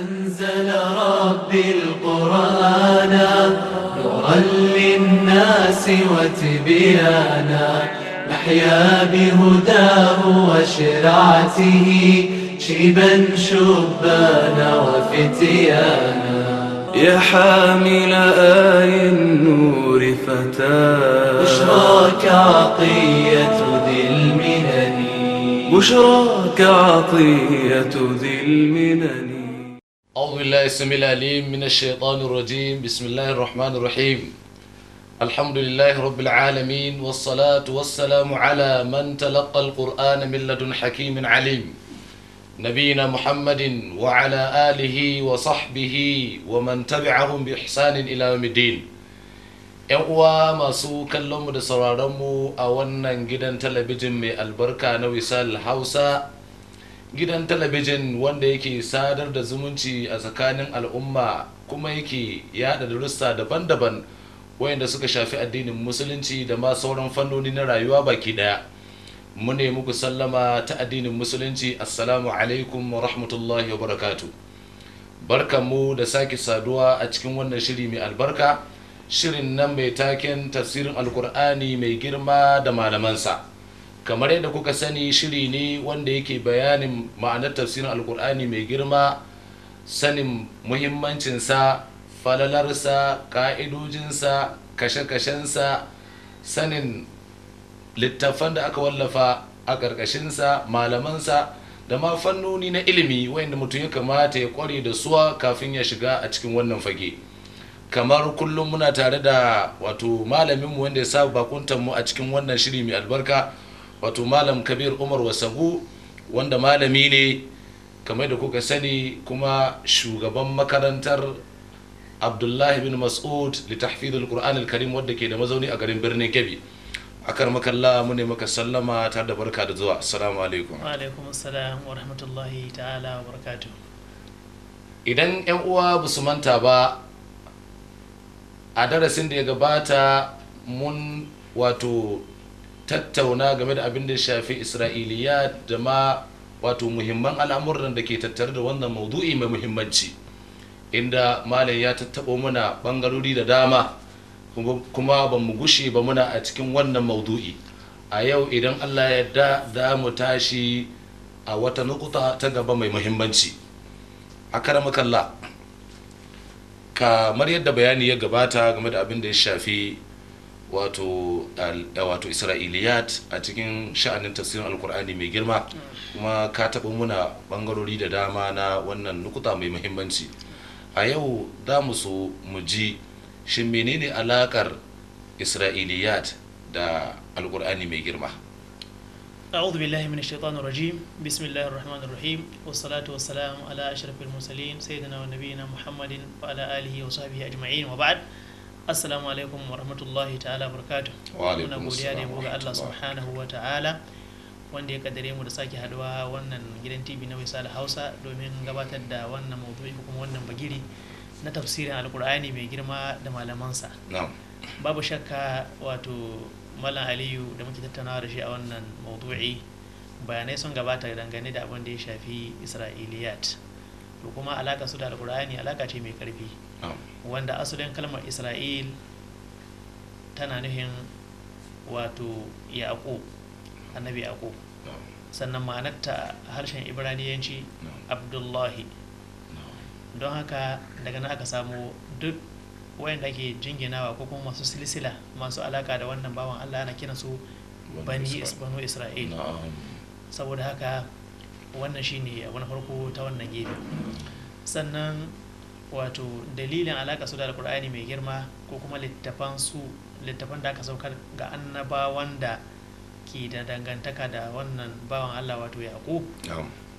أنزل ربي القرآن نورا للناس وتبيانا نحيا بهداه وشرعته شيبا شبانا وفتيانا يا حامل آي النور فتاة بشراك عطية ذي المنن بشراك عطية ذي المنن أعوذ بالله السميع العليم من الشيطان الرجيم بسم الله الرحمن الرحيم الحمد لله رب العالمين والصلاة والسلام على من تلقى القرآن من لدن حكيم عليم نبينا محمد وعلى آله وصحبه ومن تبعهم بإحسان إلى يوم الدين أقوى ما سو kallonmu da أولا جدا تلبجم البركة talabijin mai gidan talabijin wanda yake sadar da zumunci a tsakanin al'umma kuma yake yada darussa daban-daban wayanda suka shafi addinin musulunci da ma sauran fannoni na rayuwa baki daya mu ne muku sallama ta addinin musulunci assalamu alaikum wa rahmatullahi wa barakatu barkanmu da sake saduwa a cikin wannan shiri mai albarka shirin nan mai taken tafsirin alkur'ani mai girma da malamansa kamar yadda kuka sani shiri ne wanda yake bayanin ma'anar tafsirin alkur'ani mai girma sanin muhimmancinsa falalarsa ka'idojinsa kashe-kashensa sanin littafan da aka wallafa a ƙarƙashinsa malamansa da ma fannoni na ilimi wanda mutum ya kamata ya kware da suwa kafin ya shiga a cikin wannan fage kamar kullum muna tare da wato malaminmu wanda ya sa bakuntanmu a cikin wannan shiri mai albarka wato malam kabir umar wasagu wanda malami ne kamar da kuka sani kuma shugaban makarantar abdullahi bin mas'ud litahfidh al-qur'an karim wadda ke da mazauni a garin birnin kebbi kar makalla mu ne maka sallama tare da barka da zuwa assalamu alaikum wa alaikum assalam wa rahmatullahi ta'ala wa barakatuh idan yan uwa ba su manta ba a darasin da ya gabata mun wato tattauna game da abin da shafi isra'iliya da ma wato muhimman al'amuran da ke tattare da wannan maudu'i mai muhimmanci inda malam ya tattaɓo muna bangarori da dama kuma ba mu gushe ba muna a cikin wannan maudu'i a yau idan allah ya da za mu tashi a wata nukuta ta gaba mai muhimmanci a karamakalla kamar yadda bayani ya gabata game da abin da ya shafi wato eh, wato isra'iliyat a cikin sha'anin tafsirin alkur'ani mai girma kuma ka taɓa muna ɓangarori da dama na wannan nukuta mai muhimmanci a yau za mu so mu ji shin menene alaƙar isra'iliyat da alkur'ani mai girma أعوذ بالله من الشيطان الرجيم بسم الله الرحمن الرحيم والصلاة والسلام على أشرف المرسلين سيدنا ونبينا محمد وعلى آله وصحبه أجمعين وبعد assalamu alaikum wa rahmatullahi ta'ala barkatu muna godiya ne ga Allah subhanahu wa ta'ala wanda ya kadare mu da sake haduwa wannan gidan TV na Waisal Hausa domin gabatar da wannan ko kuma wannan bagiri na tafsirin alkur'ani mai girma da malamansa babu shakka wato malam aliyu da muke tattaunawa da shi a wannan maudu'i bayanai sun gabata dangane da abin da ya shafi isra'iliyat to kuma alaka su da alkur'ani alaka ce mai karfi wanda asalin kalmar isra'il tana nuhin wato yaƙo annabi yaƙo sannan ma'anarta harshen ibraniyanci abdullahi don haka daga nan aka samu duk wayanda ke jinginawa ko kuma masu silsila masu alaka da wannan bawan allah ana kira su bani banu isra'il saboda haka wannan shine abu wani farko ta wannan gefe sannan wato dalilin alaƙa su da alƙur'ani mai girma ko kuma littafan su littafan da aka saukar ga annaba wanda ke da dangantaka da wannan bawan Allah wato yaƙo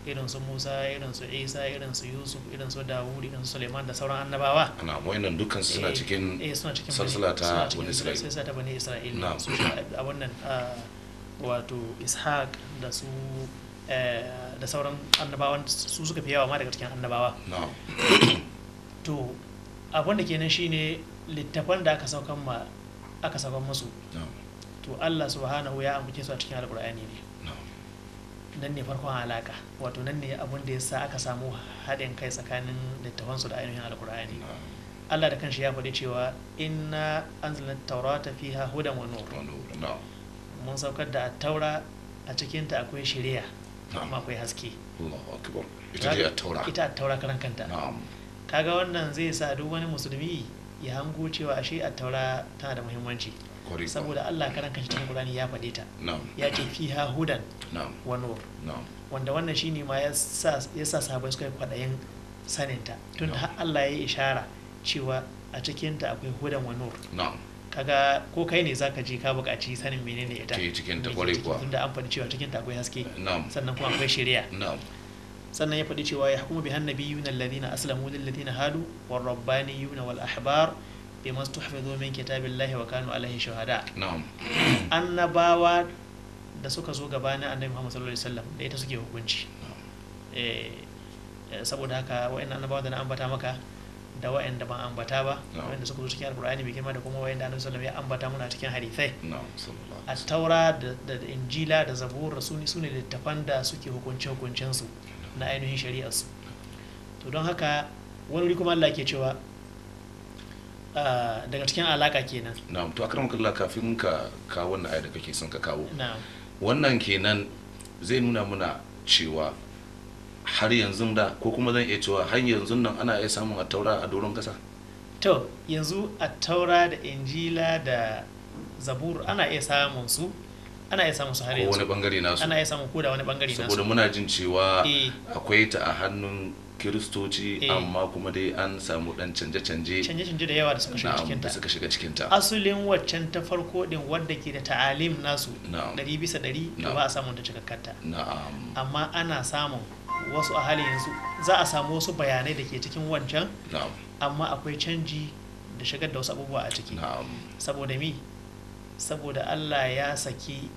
irin su Musa irin su Isa irin su Yusuf irin su Dawud irin su Suleiman da sauran annabawa na wayannan dukkan suna eh, cikin eh, salsala ta wani Isra'il salsala ta bani Isra'il su a wannan wato Ishaq da su eh, da sauran annabawan su suka fi yawa ma daga cikin annabawa to abinda da kenan shine littafan da aka saukan ma aka saukan musu to Allah subhanahu ya ambace su a cikin alkur'ani ne nan ne farkon alaka wato nan ne abin da yasa aka samu haɗin kai tsakanin littafan su da ainihin alkur'ani Allah da kanshi ya faɗi cewa inna anzalna taurata fiha hudan wa nur mun saukar da taura a cikinta akwai shari'a amma akwai haske Allahu akbar ita ce taura ita taura karan kanta na'am kaga wannan zai sa duk wani musulmi ya hango cewa ashe a taura tana da muhimmanci saboda Allah karan kan cikin Qur'ani ya faɗe ta ya ce fiha hudan wa nur wanda wannan shine ma ya sa sahabbai suka yi kwaɗayin saninta tun da Allah ya yi ishara cewa a cikinta akwai hudan wa nur kaga ko kai ne zaka je ka buƙaci sanin menene ita cikin ta kwarewa tun tunda an faɗi cewa cikin ta akwai haske sannan kuma akwai shari'a sannan ya faɗi cewa ya bi bihan na ladina aslamu lil ladina hadu wa war na wal ahbar bima tuhfizu min kitabillahi wa kanu alaihi shuhada na'am annabawa da suka zo gabanin annabi Muhammad sallallahu alaihi wasallam da ita suke hukunci eh, eh, saboda haka wa'annan annabawa da na ambata maka da wa'anda ban ambata ba wa'anda suka zo cikin alkur'ani mai girma da kuma wa'anda annabi sallallahu ya ambata muna cikin hadisai a taura da injila da zabur rasuli sune littafan da suke hukunce hukuncen su na ainihin shari'arsu to don haka wani kuma Allah ke cewa daga cikin alaka kenan na'am to akram kallah kafin ka ka wannan aya da kake son ka kawo wannan kenan zai nuna muna cewa har yanzu da ko kuma zan iya cewa har yanzu nan ana iya samun attaura a doron kasa to yanzu attaura da injila da zabur ana iya samun su ana iya samun su har yanzu wani bangare nasu ana iya samun koda wani bangare nasu saboda muna jin cewa eh. akwai ta a hannun kiristoci eh. amma kuma dai an samu dan canje-canje canje-canje da yawa da suka shiga cikinta suka shiga cikinta asulin waccan ta farko din wadda ke da ta'alim nasu ɗari bisa ɗari to ba a samun ta na'am amma ana samun wasu a hali yanzu za a samu wasu bayanai da ke cikin wancan amma akwai canji da shigar da wasu abubuwa a ciki saboda mi saboda allah ya saki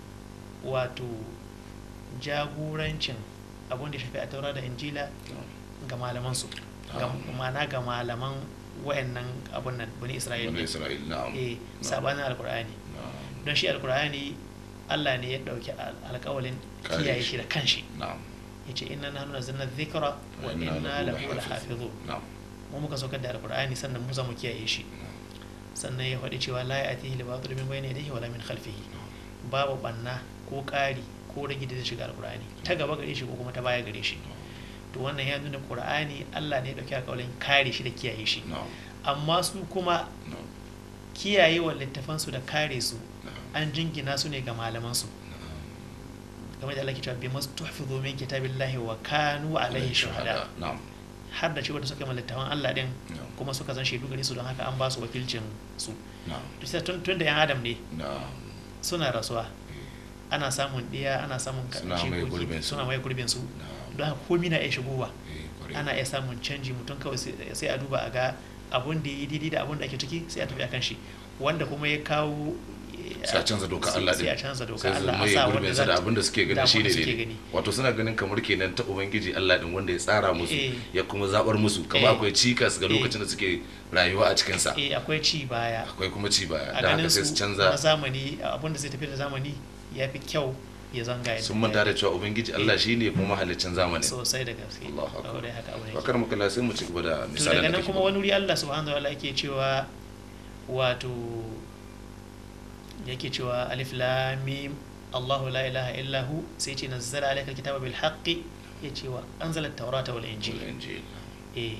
wato jagorancin abin da shafi a taura da injila ga malaman su ma'ana ga malaman wayannan abin nan bani isra'il eh sabanin alkur'ani don shi alkur'ani allah ne ya dauki alkawalin kiyaye shi da kanshi ya ce na hannun nazzalna dhikra wa da hafi zo mu muka saukar da alkur'ani sannan mu za mu kiyaye shi sannan ya faɗi cewa la ya'tihi al-batil min bayni yadayhi wala min khalfihi babu banna ko ƙari ko rage da shiga alqur'ani ta gaba gare shi ko kuma ta baya gare shi to wannan ya nuna qur'ani Allah ne ya dauki alƙawarin kare shi da kiyaye shi amma su kuma kiyaye kiyayewar littafansu da kare su an jingina su ne ga malaman su game da Allah ke cewa bi masu tuhfizu min kitabillahi wa kanu alaihi shuhada har da cewa da suka mallaka littafan Allah din kuma suka zan shaidu gare su don haka an ba su wakilcin su tun da yan adam ne suna rasuwa eh. ana samun ɗiya ana samun suna mai gurbin su don haka komi na iya shigowa eh, ana iya samun canji mutum kawai sai a duba a ga abun da ya yi daidai da abun da ake ciki sai a tafi akan shi wanda kuma ya kawo sai a canza doka Allah din sai a canza doka Allah a sa wanda da abin da suke gani shi ne wato suna ganin kamar kenan ta ubangiji Allah din wanda ya tsara musu eh. ya kuma zabar musu kamar eh. akwai cikas ga eh. lokacin da suke rayuwa a cikin sa eh akwai ci baya akwai kuma ci baya dan haka sai su canza zamani abin da zai tafi da zamani ya fi kyau ya zanga ya sun manta da cewa ubangiji Allah shi ne kuma mahalicin zamani sosai da gaske Allahu akbar bakar mu la sai mu ci gaba da misalan da kuma wani wuri Allah subhanahu wa ta'ala yake cewa wato yake cewa alif lam mim Allahu la ilaha illa hu sai ce nazzala alaikal kitaba bil haqqi ya ce wa anzalat tawrata wal injil eh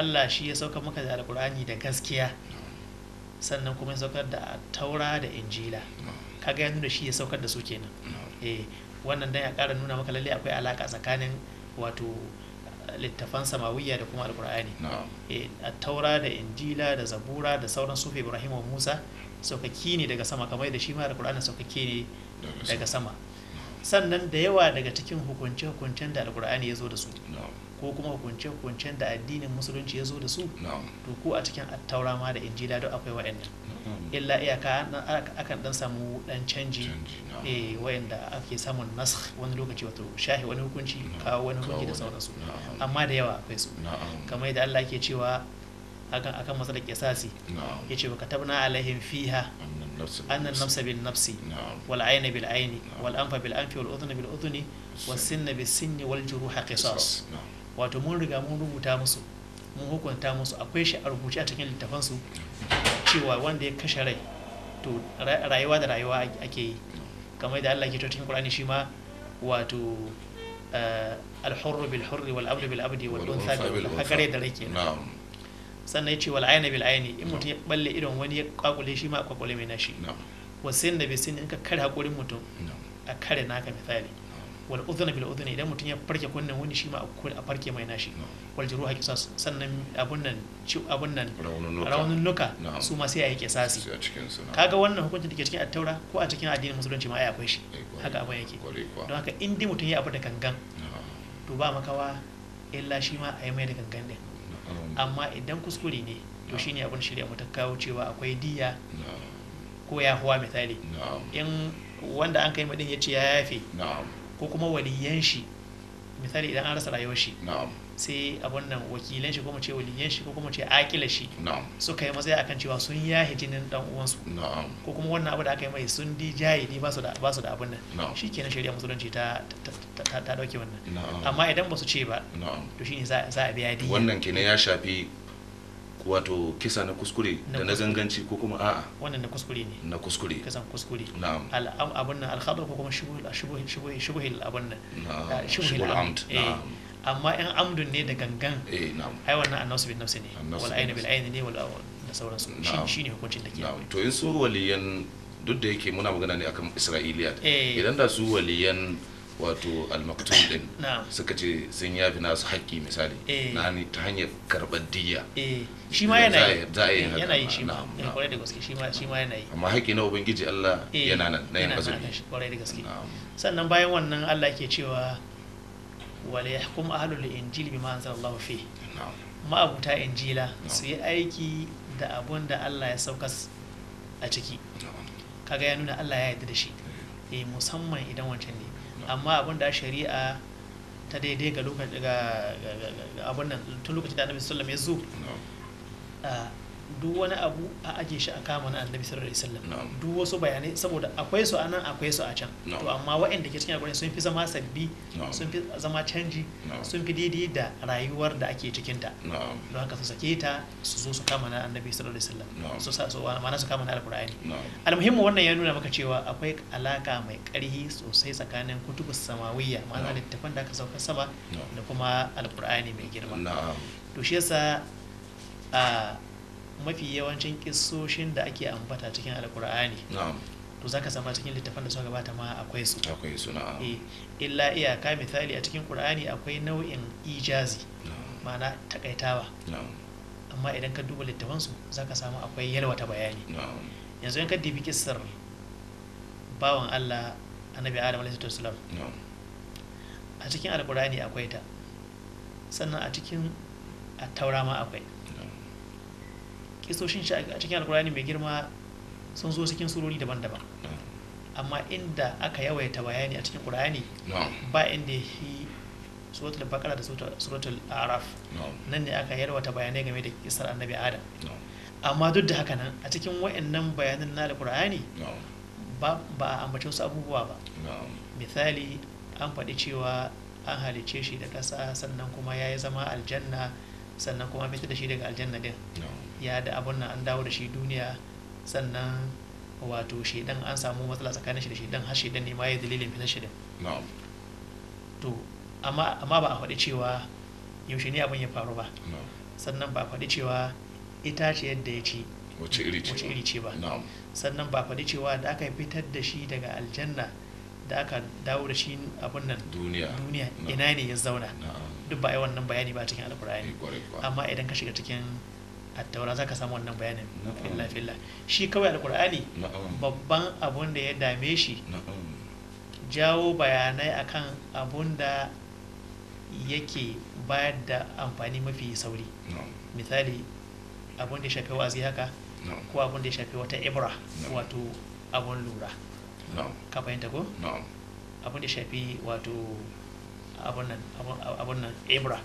Allah shi ya sauka maka da alqur'ani da gaskiya sannan kuma ya saukar da taura da injila kaga ya nuna shi ya saukar da su kenan eh wannan dan ya kara nuna maka lalle akwai alaka tsakanin wato littafan samawiyya da kuma alkur'ani eh, taura da injila da zabura da sauran sufi ibrahim wa musa saukaki ne daga sama kamar da shi ma alkur'ani saukaki ne daga sama sannan da yawa daga cikin hukunce-hukuncen da alkur'ani ya zo da su ko kuma hukunce-hukuncen da addinin musulunci ya zo da su to ko a cikin attaura ma da injila duk akwai waɗannan illa iyaka akan dan samu dan canji eh wayanda ake samun nasakh wani lokaci wato shahi wani hukunci kawo wani hukunci da sauransu amma da yawa akwai su kamar yadda Allah ke cewa akan masa da kisasi ya ce baka tabna alaihim fiha annan nafsa bin nafsi wal aina bil ayni wal anfa bil anfi wal udhuna bil udhni was sinna bis sinni wal juruha qisas wato mun riga mun rubuta musu mun hukunta musu akwai shi a rubuce a cikin littafansu cewa wanda ya kashe rai to rayuwa da rayuwa ake yi kamar da Allah ke to cikin Qur'ani shi ma wato eh, al-hurr bil hurr wal abd bil abd wal untha bil hakare da rake sannan ce wal ayna bil ayni in mutum ya balle irin wani ya kwakule shi ma kwakule mai nashi wasin da bai in ka kare hakurin mutum a kare naka misali wal udhuna bil udhni idan mutum ya farke kunnen wani shi ma a farke mai nashi wal jiruha kisas sannan abun nan ci abun nan raunun nuka su ma sai a yi kaga wannan hukuncin da ke cikin attaura ko a cikin addinin musulunci ma ai akwai shi eh, haka abin yake don haka in dai mutum ya abu da gangan to ba makawa illa shi ma a yi mai da gangan din amma idan kuskure ne to shine abin shirya mu ta kawo cewa akwai diya ko ya huwa misali in wanda an kai madin ya ce ya yafe ko kuma waliyan shi misali idan an rasa rayuwar shi sai abun nan wakilan shi ko mu ce waliyan shi ko kuma ce akila shi suka yi matsaya akan cewa sun yahi hijinin dan uwansu ko kuma wannan abu da aka yi mai sun di jaye ni ba su da abun nan Shi kenan shari'a musulunci ta ta dauke wannan amma idan ba su ce ba to shine za a biya diya wannan kenan ya shafi wato kisa na kuskure da na zanganci ko kuma a'a wannan na kuskure ne na kuskure kisan kuskure na'am abun nan al-khadar ko kuma shubuhil shubuhil shubuhil shubuhil abun nan ah, shubuhil amd eh. na'am amma in amdun ne da gangan eh na'am ai wannan annasu bin nafsi ne wal ainu bil ayni ne wal ah, da sauransu shi ne hukuncin da ke na'am to in su waliyan duk da yake muna magana ne akan isra'iliyat eh. idan da su waliyan wato almaktul din suka ce sun yafi nasu haƙƙi misali eh. na ni ta hanyar karɓar diya eh. shi ma yana yi za a yi eh, yana yi shi ma kwarai da gaske shi ma yana yi amma haƙƙi na ubangiji Allah yana nan na yin azumi kwarai da gaske sannan bayan wannan Allah ke cewa wala yahkum ahlul injili bima anzalallahu fi ma'abuta injila su yi aiki da abun da Allah ya sauka a ciki kaga ya nuna Allah ya yarda da shi musamman idan wancan ne amma abin da shari'a ta daidai ga lokacin da abin nan tun lokacin da annabi sallallahu alaihi ya zo ah, duk wani abu a ajiye shi a kama na annabi sallallahu alaihi wasallam duk wasu bayanai saboda akwai su anan akwai su a can to amma waɗanda ke cikin alƙur'ani sun fi zama sabbi sun fi zama canji sun fi daidai da rayuwar da ake cikin ta don haka su sake ta su zo su kama na annabi sallallahu alaihi wasallam su sa su ma'ana su kama na alƙur'ani almuhimmu wannan ya nuna maka cewa akwai alaka mai ƙarfi sosai tsakanin kutubus samawiyya ma'ana littafan da aka sauka sama da kuma alƙur'ani mai girma to shi yasa ah, mafi yawancin kissoshin da ake ambata cikin alkur'ani to zaka sama cikin littafan da suka gabata ma akwai su akwai su na'am eh illa ka misali a cikin qur'ani akwai nau'in ijazi ma'ana takaitawa amma idan ka duba littafan su zaka samu akwai yalwata bayani yanzu in ka dibi kissar bawan Allah annabi Adam alaihi salam a cikin alkur'ani akwai ta sannan a cikin a taura ma akwai kisoshin shi a cikin alkurani mai girma sun zo cikin surori daban-daban amma inda aka yawaita bayani a cikin qur'ani ba inda yi suratul baqara da suratul araf nan ne aka yarwata bayanai game da kisar annabi adam amma duk da haka nan a cikin wayannan bayanan na kur'ani ba a ambace wasu abubuwa ba misali an faɗi cewa an halicce shi da ƙasa sannan kuma ya yi zama aljanna sannan kuma fitar da shi daga aljanna din ya da abun nan an dawo da shi duniya sannan wato shaidan an samu matsala tsakanin shi da shaidan har shaidan ne ma ya dalilin fitar shaidan to amma ba a faɗi cewa yaushe ne abin ya faru ba sannan ba a faɗi cewa ita ce yadda ya ci wace iri ce ba sannan ba a faɗi cewa da aka fitar da shi daga aljanna da aka dawo da shi abin nan duniya ina ne ya zauna duk ba yi wannan bayani ba cikin alkur'ani eh, amma idan ka shiga cikin attaura za ka samu wannan bayanin filla filla shi kawai alkur'ani babban abun da ya dame shi jawo bayanai akan abun da yake bayar da amfani mafi sauri misali abun da ya shafi wazi haka ko abun da ya shafi wata ibra wato abun lura ka fahimta ko abun da ya shafi wato abin nan ebra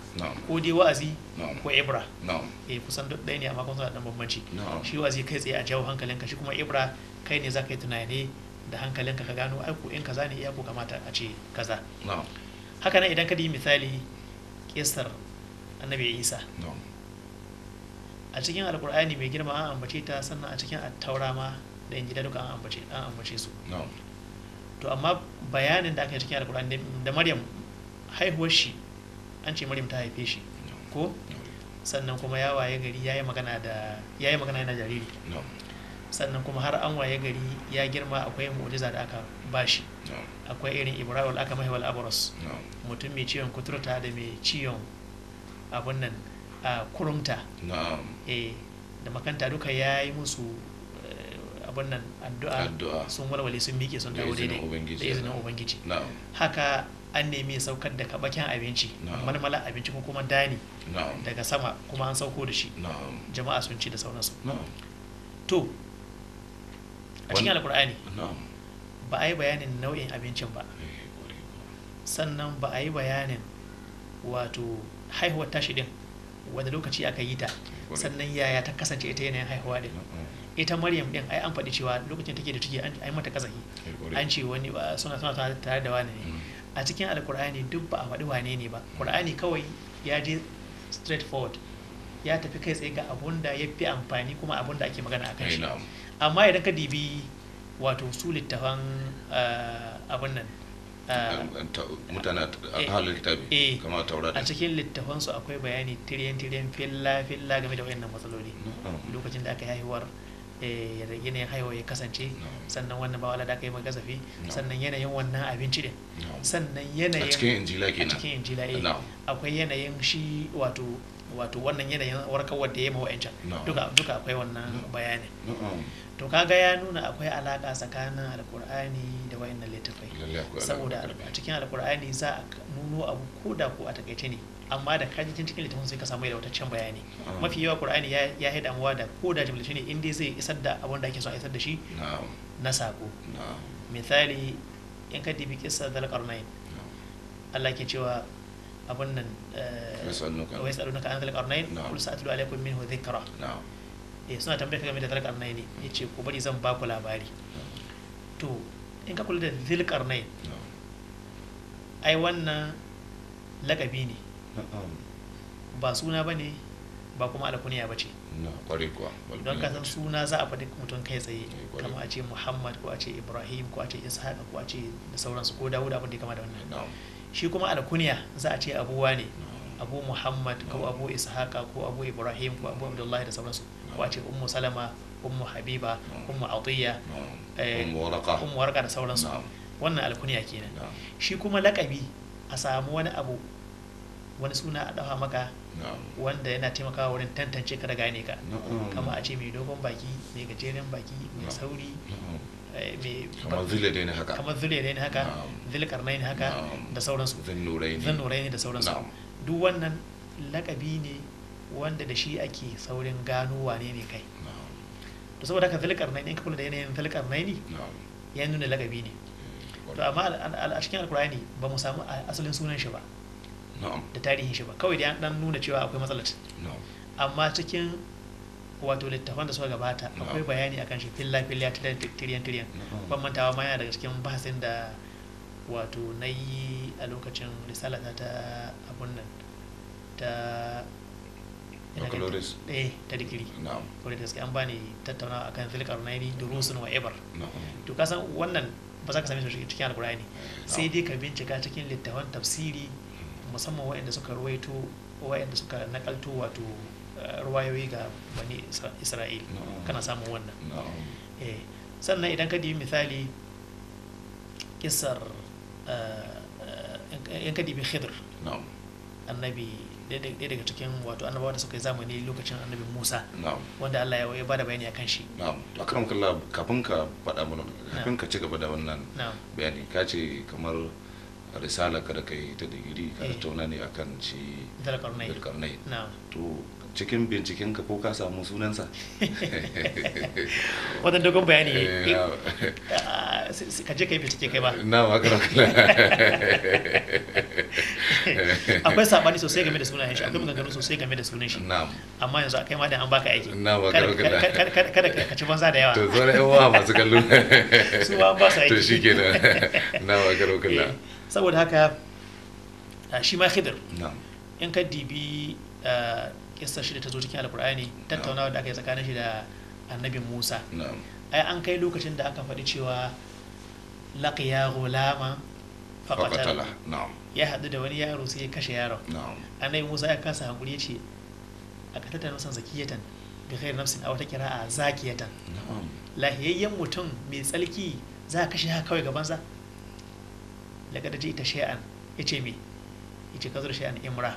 ko dai wa'azi ko ebra eh kusan duk ɗaya ne amma kuma suna ɗan bambanci shi wa'azi kai tsaye a jawo hankalinka shi kuma ebra kai ne za ka yi tunani da hankalinka ka gano aiko in kaza ne iya ko kamata a ce kaza haka nan idan ka yi misali kisar annabi isa a cikin alkur'ani mai girma an ambace ta sannan a cikin attaura ma da yin gida duka an ambace su to amma bayanin da aka yi cikin alkur'ani da maryam haihuwar shi an ce maryam ta haife shi ko sannan kuma ya waye gari ya yi magana da ya yi magana yana jariri sannan kuma har an waye gari ya girma akwai mu'jiza da aka bashi akwai irin ibrahim aka mahi wal abras mutum mai ciwon kuturta da mai ciwon abun nan a kurumta eh da makanta duka ya yi musu eh, abun nan addu'a sun walwale sun miƙe sun dawo daidai da izinin ubangiji haka an nemi ya saukar da kabakin abinci malmala abinci kuma kuma dani daga sama kuma an sauko da shi jama'a sun ci da sauransu to a cikin alkur'ani ba a yi bayanin nau'in abincin ba eh, sannan ba a yi bayanin wato haihuwar tashi din wanda lokaci aka yi ta sannan yaya ta kasance ita yanayin haihuwa din ita maryam din ai an faɗi cewa lokacin take da ciki an mata kazahi eh, an ce wani suna suna tare da wani ne mm. a cikin alkur'ani duk ba a faɗi wane ne ba ƙur'ani kawai ya je straight forward ya tafi kai tsaye ga abun da ya fi amfani kuma abun da ake magana a kan shi amma idan ka dibi wato su littafan eh, abun nan eh, mutane eh, ahalin littafi kama taurari a cikin littafansu akwai bayani tiryan tiryan filla filla game da wayannan matsaloli lokacin da aka haihuwar Eh, yanayin haihuwa ya kasance sannan wannan bawala da aka yi mai sannan yanayin wannan abinci din sannan yanayin a cikin injila kenan eh, akwai yanayin shi wato wato wannan yanayin warkar da ya yi wa'ancan duka duka akwai wannan bayani to kaga ya nuna akwai alaka tsakanin alkur'ani da wayannan littafai saboda a cikin alkur'ani za a nuno abu ko da ko a takaice ne amma da kaji cikin cikin littafin sai ka samu yalwataccen bayani mafi yawa qur'ani ya yi damuwa da ko da jimlice ne inda zai isar da abin da ake so a isar da shi na sako misali in ka dibi kissa dal qarnain Allah ke cewa abin nan wai tsarunuka an talakar nain kul sa'atlu alaikum minhu dhikra eh suna ka game da talakar nain ne yace ko bari zan ba ku labari to in ka kula da zilkar nain ai wannan lakabi ne ba suna bane ba kuma alkuniya bace don ka san suna za a faɗi mutum kai tsaye kama a ce muhammad ko a ce ibrahim ko a ce ishaq ko a ce da sauransu ko dawud abin da ya kama da wannan shi kuma alkuniya za a ce abuwa ne abu muhammad ko abu ishaqa ko abu ibrahim ko abu abdullahi da sauransu ko a ce ummu salama ummu habiba ummu atiya eh, ummu warqa da sauransu wannan ke kenan shi kuma lakabi a samu wani abu wani suna a dafa maka wanda yana taimakawa wurin tantance ka da gane ka kama a ce mai dogon baki mai gajeren baki mai sauri Eh, kamar zule ne haka kamar zule ne haka zilkarnai ne haka da sauransu nurai ne da sauransu duk wannan lakabi ne wanda da shi ake saurin gano wane ne kai to saboda haka karnai ne kula da yanayin karnai ne ya nuna lakabi ne eh, to amma a cikin alkurani ba mu samu asalin sunan shi ba da tarihin shi ba kawai da an dan nuna cewa akwai matsalar amma cikin wato littafan da suka gabata akwai bayani akan shi filla filla tiriyan tiriyan ban mantawa ma yana daga cikin bahasin da wato na yi a lokacin risalata ta abun nan ta baccalaureate eh ta digiri kore da gaske an bani tattaunawa akan filkar nairi durusun wa ibar to kasan wannan ba za ka same shi cikin alkurani sai dai ka bincika cikin littafan tafsiri musamman waɗanda suka ruwaito waɗanda suka nakalto wato Eh, ruwayoyi ga bani isra'il kana samun wannan eh, sannan idan ka dibi misali kisar yan eh, ka dibi khidr annabi ɗaya daga cikin wato annabawa da suka yi zamani lokacin annabi musa wanda allah ya ba da bayani a kan shi a karan kalla kafin ka faɗa mana kafin ka ci gaba da wannan bayani ka ce kamar risala ka da kai ta digiri ka eh. tauna ne akan shi dalkarnai to cikin binciken ka ko ka samu sunansa wannan dogon bayani eh, ne ah, ka je ka yi bincike kai ba na makara akwai sabani sosai game da sunan shi akwai maganganu sosai game da sunan shi amma yanzu akai ma da an baka aiki kada ka ci banza da yawa to zo da yawa masu kallo su ba ba su aiki to shikenan na makara kula eh. saboda haka shi ma khidir in ka dibi kissar shi da ta zo cikin alkur'ani tattaunawa da aka yi tsakanin shi da annabin musa ai an kai lokacin da aka faɗi cewa laqiya gulama faƙatala ya haɗu da wani yaro sai ya kashe yaro annabin musa ya kasa hankuri ya ce a tattara nasan zakiyatan bi khair nafsin a wata a zakiyatan lahiyayyen mutum mai tsalki za a kashe haka kawai gabansa laqad ji'ta shay'an ce me yace ka zo da shay'an imra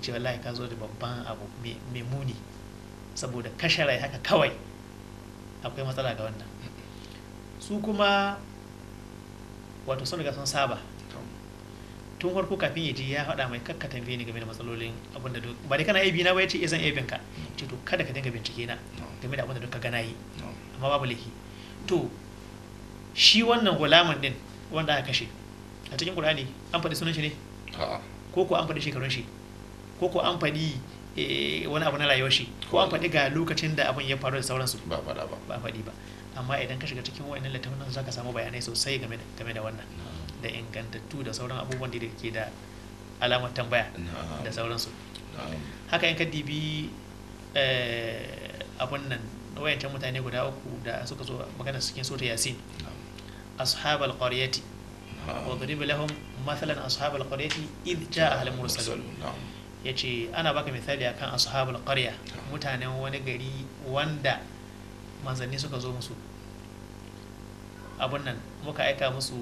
ce wallahi ka zo da babban abu mai muni saboda kashara haka kawai akwai matsala ga wannan su kuma wato sun riga sun saba tun farko kafin ya ji ya faɗa mai kakka tambaye ni game da matsalolin abin da ba dai kana aibi na ba ya ce iya eh zan aibin ka ce to kada ka dinga bincike na game da abin da duka gana yi amma babu laifi to shi wannan gulamin din wanda aka kashe a cikin qur'ani an faɗi sunan shi ne ko ko an faɗi shekarun shi ko ko an faɗi eh, wani abu na rayuwar shi ko an faɗi ga lokacin da abin ya faru da sauransu ba faɗa ba ba faɗi ba amma idan ka shiga cikin wa'annan littafin za ka samu bayanai sosai game da wannan da ingantattu da sauran abubuwan da ke da alamar tambaya da sauransu haka in ka dibi eh, abun nan wayancan mutane guda uku da suka zo magana cikin sura yasin ashabal qaryati wadrib lahum mathalan ashabul qaryati id jaa ahlul mursalun yace ana baka misali akan ashabul qarya mutanen wani gari wanda manzanni suka zo musu abun nan muka aika musu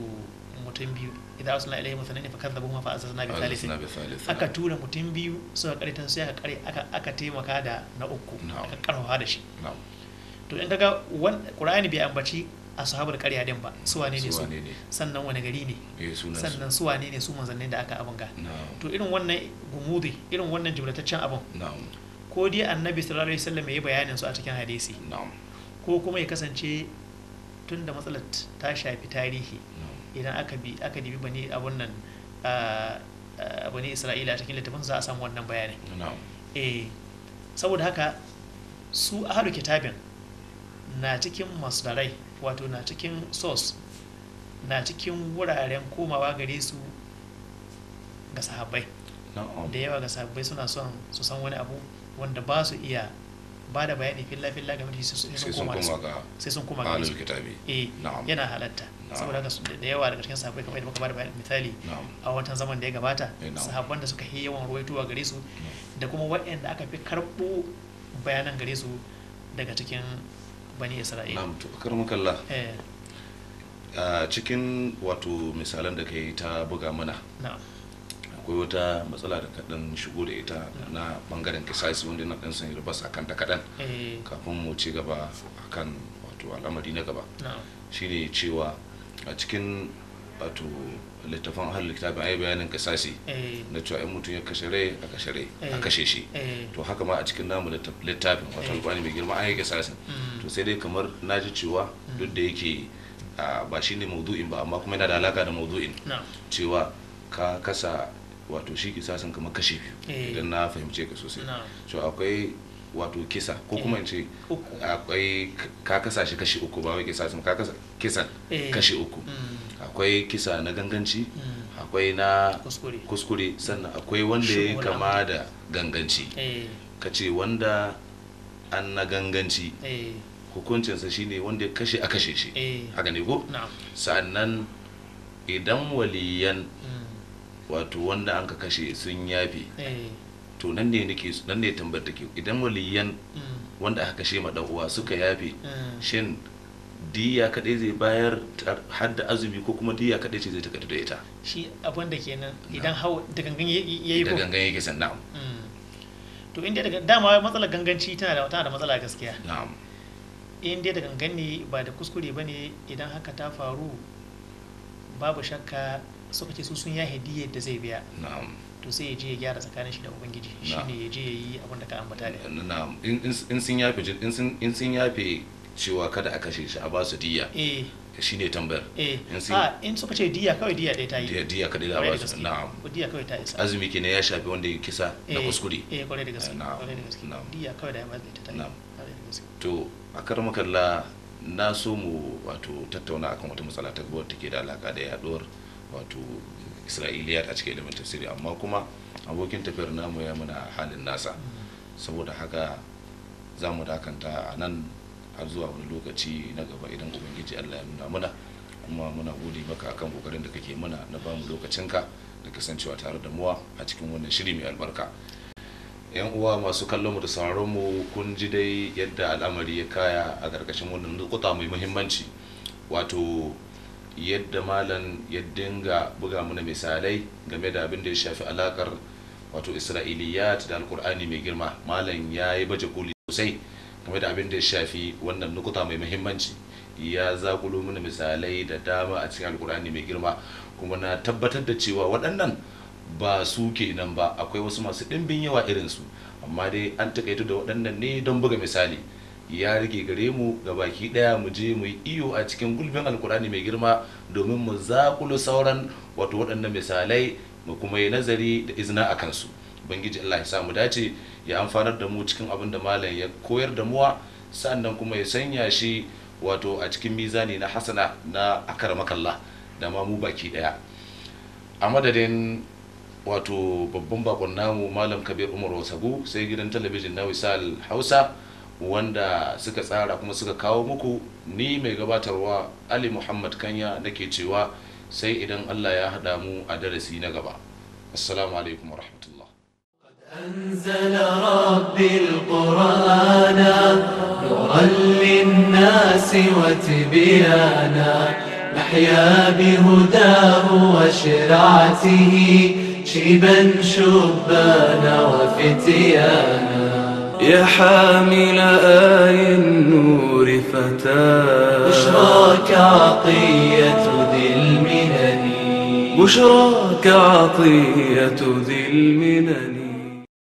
mutum biyu idan arsalna ilayhim thanayn fa kadzabuhuma fa azzazna bi thalithin aka tura mutum biyu suka karita sai aka kare aka aka taimaka da na uku aka karfafa da shi to in kaga ƙurani bai ambaci ashabul qarya din ba suwa ne ne su sannan wani gari ne eh, sannan su ne ne su manzanni da aka abin ga to irin wannan gumudi irin wannan jibrataccen abin ko dai annabi sallallahu alaihi wasallam yayi bayanin su a cikin hadisi ko kuma ya kasance tun da matsalar ta shafi tarihi idan aka bi aka dibi bani abun nan bani isra'ila a cikin littafin za a samu wannan bayanin eh saboda haka su ahalu kitabin na cikin masdarai wato na cikin source na cikin wuraren komawa gare su ga sahabbai da yawa ga sahabbai suna son su san wani abu wanda ba su iya ba da bayani filla filla game da sai sun koma su. sai sun koma ga kitabi eh yana halatta saboda haka da yawa daga cikin sahabbai kamar yadda muka da bayani misali a watan zaman da ya gabata eh, sahabban da suka yi yawan ruwaituwa gare su da kuma waɗanda aka fi karɓo bayanan gare su daga cikin bani isra'ila na'am to karmakalla eh a cikin wato misalan da kai ta buga mana akwai wata matsala da kaɗan shigo da ita na bangaren kisasi wanda na ɗan sanyar ribas kan ta kaɗan eh. kafin mu ci gaba akan wato al'amari na gaba shine cewa a cikin wato littafin har littafin ayi bayanin kasasi eh. na cewa in mutum ya kashe rai a kashe rai a eh. kashe shi eh. to haka ma a cikin namu littafin wato alƙwani mai girma an yi mm. to sai dai kamar na ji cewa mm. duk da yake ba shi ne maudu'in ba amma kuma yana da alaka da maudu'in cewa ka kasa wato shi kisasin kamar kashe biyu idan na fahimce ka sosai to akwai wato kisa ko eh. kuma in ce akwai ka kasa shi kashi uku ba wai kisa sun ka kasa kisa eh. kashi uku mm. akwai kisa na ganganci mm. akwai na kuskure sannan akwai wanda ya kama da ganganci eh. ka ce wanda an na ganganci hukuncinsa shine wanda ya kashe a kashe shi haka ne ko sannan idan waliyan mm. wato wanda an ka kashe sun yafe to nan ne nake nan ne tambar take idan waliyan mm. wanda aka kashe ma dan uwa suka yafe mm. shin diya kadai zai bayar har da azumi ko kuma diya kadai ce zai ta da ita shi abin da kenan idan hau da gangan yayi ko da gangan yake na'am mm. to inda da dama matsalar ganganci tana da tana da matsala gaskiya na'am in dai da gangan ne ba da kuskure bane idan haka ta faru babu shakka suka ce su sun yahe diyar da zai biya na'am to sai ya je ya gyara tsakanin shi da ubangiji shine ya je ya yi abin da ka ambata da na'am in sun yafe in sun yafe cewa kada a kashe shi a ba su diya eh shine tambayar eh a in suka ce diya kawai diya ɗaya ta yi diya diya kada za ba su na'am diya kawai ta isa azumi kenan ya shafi wanda ya kisa da eh. kuskure eh kwarai da gaske da diya kawai da ya ba ta na'am to a makalla na so mu wato tattauna akan wata matsala ta gwamnati take da alaka da yaduwar wato isra'iliyat a cikin ilimin tafsiri amma kuma abokin tafiyar namu ya muna halin nasa saboda haka za mu dakanta a nan har zuwa wani lokaci na gaba idan ubangiji allah ya nuna muna kuma muna gode maka akan kokarin da kake muna na bamu lokacinka da kasancewa tare da muwa a cikin wannan shiri mai albarka yan uwa masu kallon mu da sauraron mu kun ji dai yadda al'amari ya kaya a ƙarƙashin wannan nukuta mai muhimmanci wato yadda malam ya dinga buga mana misalai game da abin da ya shafi alakar wato isra'iliyat da alkur'ani mai girma malam ya yi baje koli sosai game da abin da ya shafi wannan nukuta mai muhimmanci ya zakulo mana misalai da dama a cikin alkur'ani mai girma kuma na tabbatar da cewa waɗannan ba su kenan ba akwai wasu masu ɗimbin yawa irinsu amma dai an taƙaito da waɗannan ne don buga misali ya rage gare mu ga baki daya mu je mu iyo a cikin gulbin alkurani mai girma domin mu zakulu sauran wato waɗannan misalai mu kuma yi nazari da izina a kansu ubangiji allah ya sa mu dace ya amfanar da mu cikin abin da malam ya koyar da muwa sannan kuma ya sanya shi wato a cikin mizani na hasana na akar makalla da ma mu baki daya a madadin wato babban bakon namu malam kabir umar wasagu sai gidan talabijin na wisal hausa wanda suka tsara kuma suka kawo muku ni mai gabatarwa ali muhammad kanya nake cewa sai idan allah ya hada mu a darasi na gaba assalamu alaikum warahmatullah أنزل ربي القرآن نورا للناس وتبيانا نحيا بهداه وشرعته شيبا شبانا وفتيانا يا حامل آي النور فتاة بشراك عطية ذي المنن بشراك عطية ذي المنن